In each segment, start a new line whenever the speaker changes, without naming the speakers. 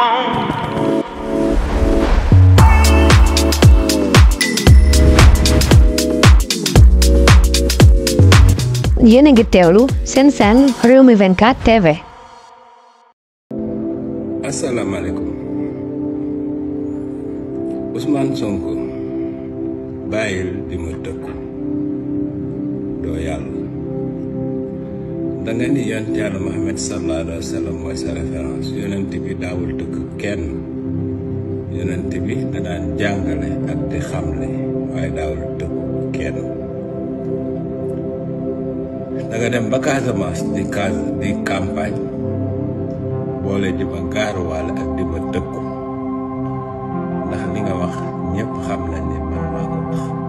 yéen a ngi teewlu seen seen réew TV. Assalamualaikum. Usman Sonko bàyyil bi ma da nga ni yonent Muhammad sallallahu alayhi wa sallam mooy sa référence yonent bi daawul dëkk kenn yonent bi da daan jàngale ak di xamle waaye daawul dëkk kenn da dem ba Casamance di cas di campagne boole di ma gaaruwaale ak di ma dëkku ndax li nga wax ñëpp xam nañ ne man maa ko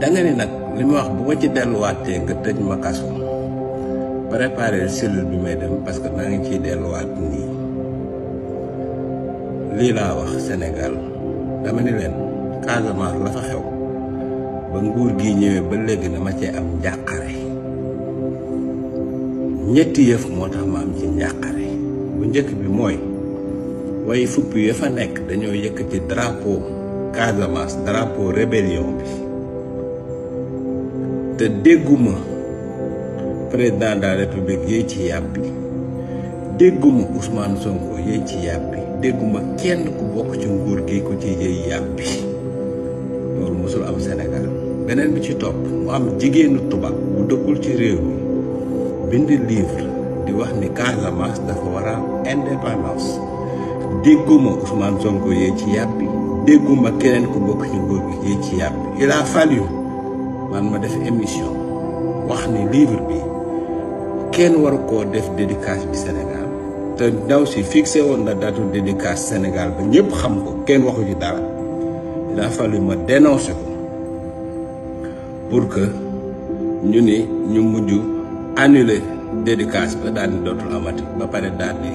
danga ni nag li ma wax bu ma ci delluwaatee nga tëj ma kaso préparer cellule bi may dem parce que maa ngi ciy delluwaat nii lii laa wax senegal dama ni leen Casamance la fa xew ba nguur gi ñëwee ba léegi dama cee am njàqare ñetti yëf moo tax ma am ci njàqare bu njëkk bi mooy way fupp ya fa nekk dañoo yëkkati drapo Casamance drapeau rébellion bi te dégguma président de la république yéey ci yàppi dégguma Ousmane Sonko yéey ci yàppi dégguma kenn ku bokk ci nguur gi ku ci yàppi loolu mosul am senegal beneen bi ci topp mu am jigéenu tubaab bu dëkkul ci réew mi bind livre di wax ni Casamance dafa war a am indépendance dégguma Ousmane Sonko yéey ci yàppi dégguma keneen ku bokk ci nguur gi yéey ci yàppi il a man ma def émission wax ni livre bi ken war def dédicace bi Sénégal te si fixé woon na datu dédicace Sénégal ba ñëpp xam ko kenn waxu ci dara il a fallu ma dénoncer ko pour que ñu ni ñu mujj annuler dédicace ba daal amati ba daal di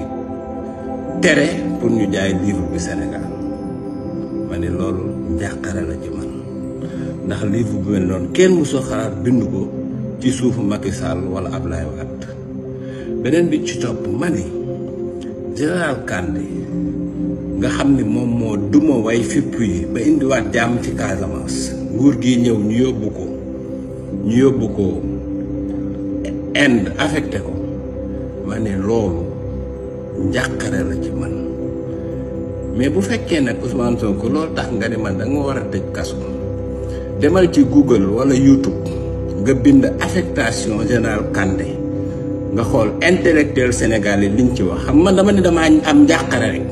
tere pour ñu jaay livre bi Sénégal ma ne loolu la ci man ndax livre bu mel noonu kenn mosoo xalaat bind ko ci suufu Macky Sall wala Abdoulaye Wade beneen bi ci topp mani général Kandé nga xam ni moom moo duma way fipp yi ba indiwaat jàmm ci Casamance nguur gi ñëw ñu yóbbu ko ñu yóbbu ko Inde affecté ko ma ne loolu njàqare la ci man mais bu fekkee nag Ousmane ko loolu tax nga ne man da nga war a tëj kaso demal ci Google wala YouTube nga bind affectation générale Kandé nga xool intellectuel sénégalais liñ ci wax xam man dama ne damaa am njàqare rek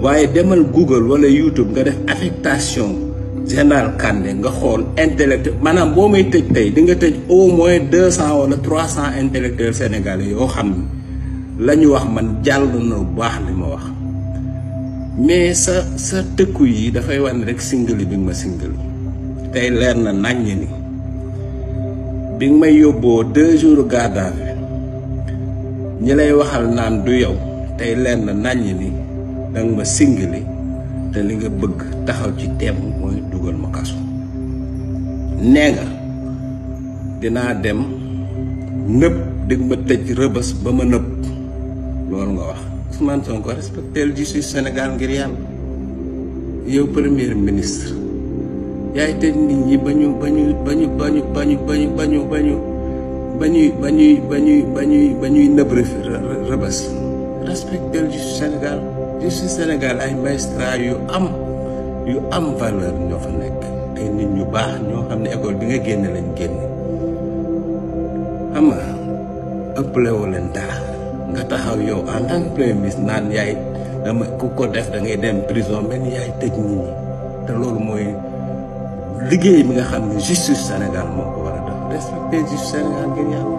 waaye demal Google wala YouTube nga def affectation générale kande nga xool intellectuel maanaam boo may tëj tey di nga tëj au moins deux cent wala trois cent intellectuels sénégalais yoo xam ni la ñu wax man jàll na bu baax li ma wax mais sa sa tëkku yi dafay wan rek singali bi ma singali tey leer na naññ ni bi nga may yóbboo deux jours garde à ñi lay waxal naan du yow tey leer na naññ ni danga ma singili te li nga bëgg taxaw ci teem mooy dugal ma kasu nee nga dinaa dem nëpp dig ma tëj rëbës ba ma nëpp loolu nga wax Ousmane Sonko respecté justice senegal ngir yàlla yow premier ministre Ya tëj nit banyu banyu banyu banyu banyu banyu banyu banyu banyu banyu banyu banyu banyu banyu ñu ba ñu ba ñuy ba ñuy ba ñuy ba respectel justice Sénégal justice Sénégal ay magistrat yu am yu am valeur ñoo fa nekk ay nit ñu baax ñoo xam ne école bi nga génn lañ génn xam nga ëppale wu leen dara nga taxaw yow en tant que premier ministre naan yaay dama ku ko def da ngay dem prison benn yaay tëj nit ñi te loolu mooy liggéey bi nga xam ne justice Sénégal moo ko war a dox respecté justice Sénégal ngir yàlla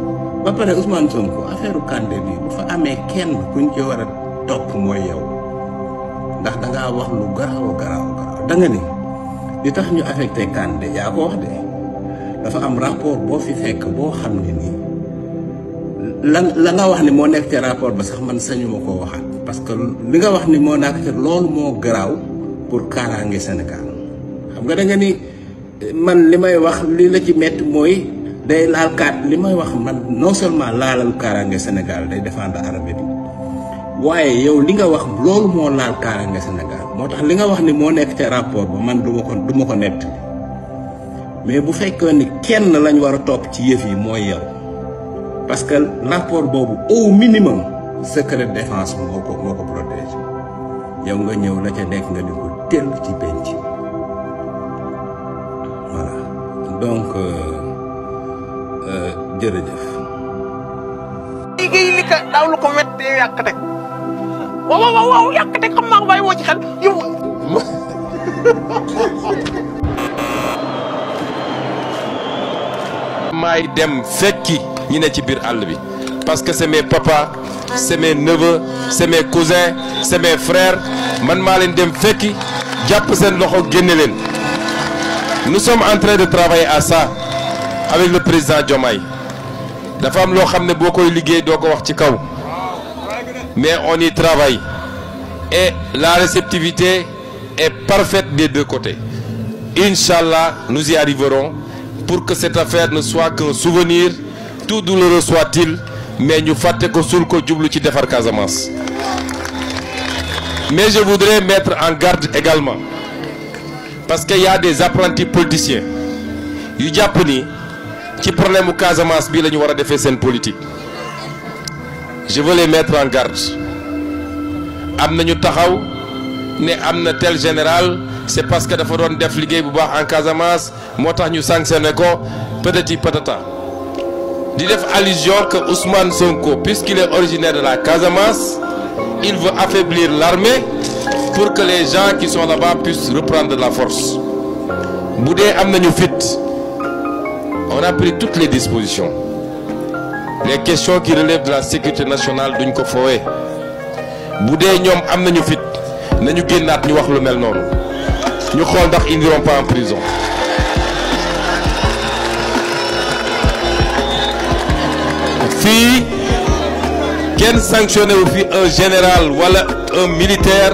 ba pare Ousmane Sonko affaire Kandé bi bu fa amee kenn kuñ ci war a topp mooy yow ndax da ngaa wax lu garaaw garaaw garaaw da nga ni li tax ñu affecté Kandé yaa ko wax de dafa am rapport boo fi fekk boo xam ne nii lan la nga wax ni moo nekk ci rapport ba sax man sañu koo waxaat parce que li nga wax ni moo nekk ci loolu moo garaaw pour kaaraange Sénégal xam nga da nga ni man li may wax li la ci metti mooy day laal kaat li may wax man non seulement laalal kaaraange Sénégal day défendre arabe bi waaye yow li nga wax loolu moo laal kaaraange Sénégal moo tax li nga wax ni mo nekk ca rapport ba man du ma ko du ko nett mais bu fekkee ni kenn lañ war a topp ci yëf yi mooy yow parce que rapport bobu au minimum secret défense moo ko moo ko protéger yow nga ñëw la ca nekk nga ni ko tel ci penc donc euh, euh, jërëjëf. liggéey li ka daaw lu ko wettee yàq de waaw waaw waaw yàq de xam naa ko bàyyi xel yow.
maay dem fekki ñi ne ci biir àll bi parce que c'est mes papas c'est mes neveux c'est mes cousins man maa leen dem fekki jàpp seen loxo génne leen. nous sommes en train de travailler à ça avec le président Diomaye La femme, ne de mais on y travaille et la réceptivité est parfaite des deux côtés Inch'Allah nous y arriverons pour que cette affaire ne soit qu'un souvenir tout douloureux soit-il mais nous ko ko mais je voudrais mettre en garde également parce qu'il y a des apprentis politiciens yu Japonais qui ci problème mu Casamance bi lañu wara défé sen politique je veux les mettre en garde am ñu taxaw né amna tel général c'est parce que dafa doon def liguey bu baax en Casamance motax ñu sanctionné ko être patata di def allusion que Ousmane Sonko puisqu'il est originaire de la Casamance il veut affaiblir l'armée pour que les gens qui sont là-bas puissent reprendre la force Boudé on a pris toutes les dispositions les questions qui relèvent de la sécurité nationale de ko foowee Nous dee en Nous fit pas en prison si qui sanctionne un général ou un militaire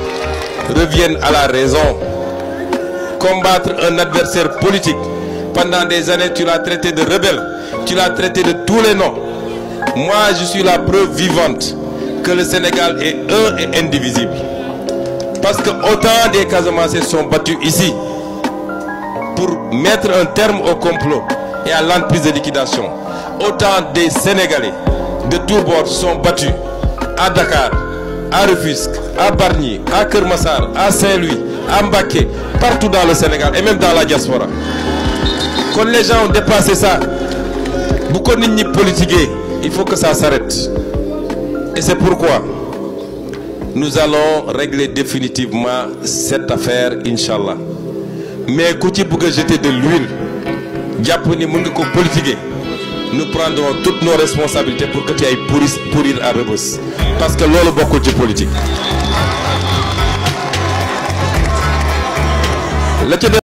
reviennent à la raison. Combattre un adversaire politique, pendant des années, tu l'as traité de rebelle, tu l'as traité de tous les noms. Moi, je suis la preuve vivante que le Sénégal est un et indivisible. Parce que autant des Casamassés sont battus ici pour mettre un terme au complot et à l'entreprise de liquidation. Autant des Sénégalais de tous bords sont battus à Dakar, à Rufusque, à Barnier, à Kermassar, à Saint-Louis, à Mbaké, partout dans le Sénégal et même dans la diaspora. Quand les gens ont dépassé ça, beaucoup de gens il faut que ça s'arrête. Et c'est pourquoi nous allons régler définitivement cette affaire, Inch'Allah. Mais écoutez, pour que j'étais de l'huile, Diaponi, politiquer nous prendrons toutes nos responsabilités pour que tu ailles pourrir, à Rebus. Parce que l'on beaucoup de politique.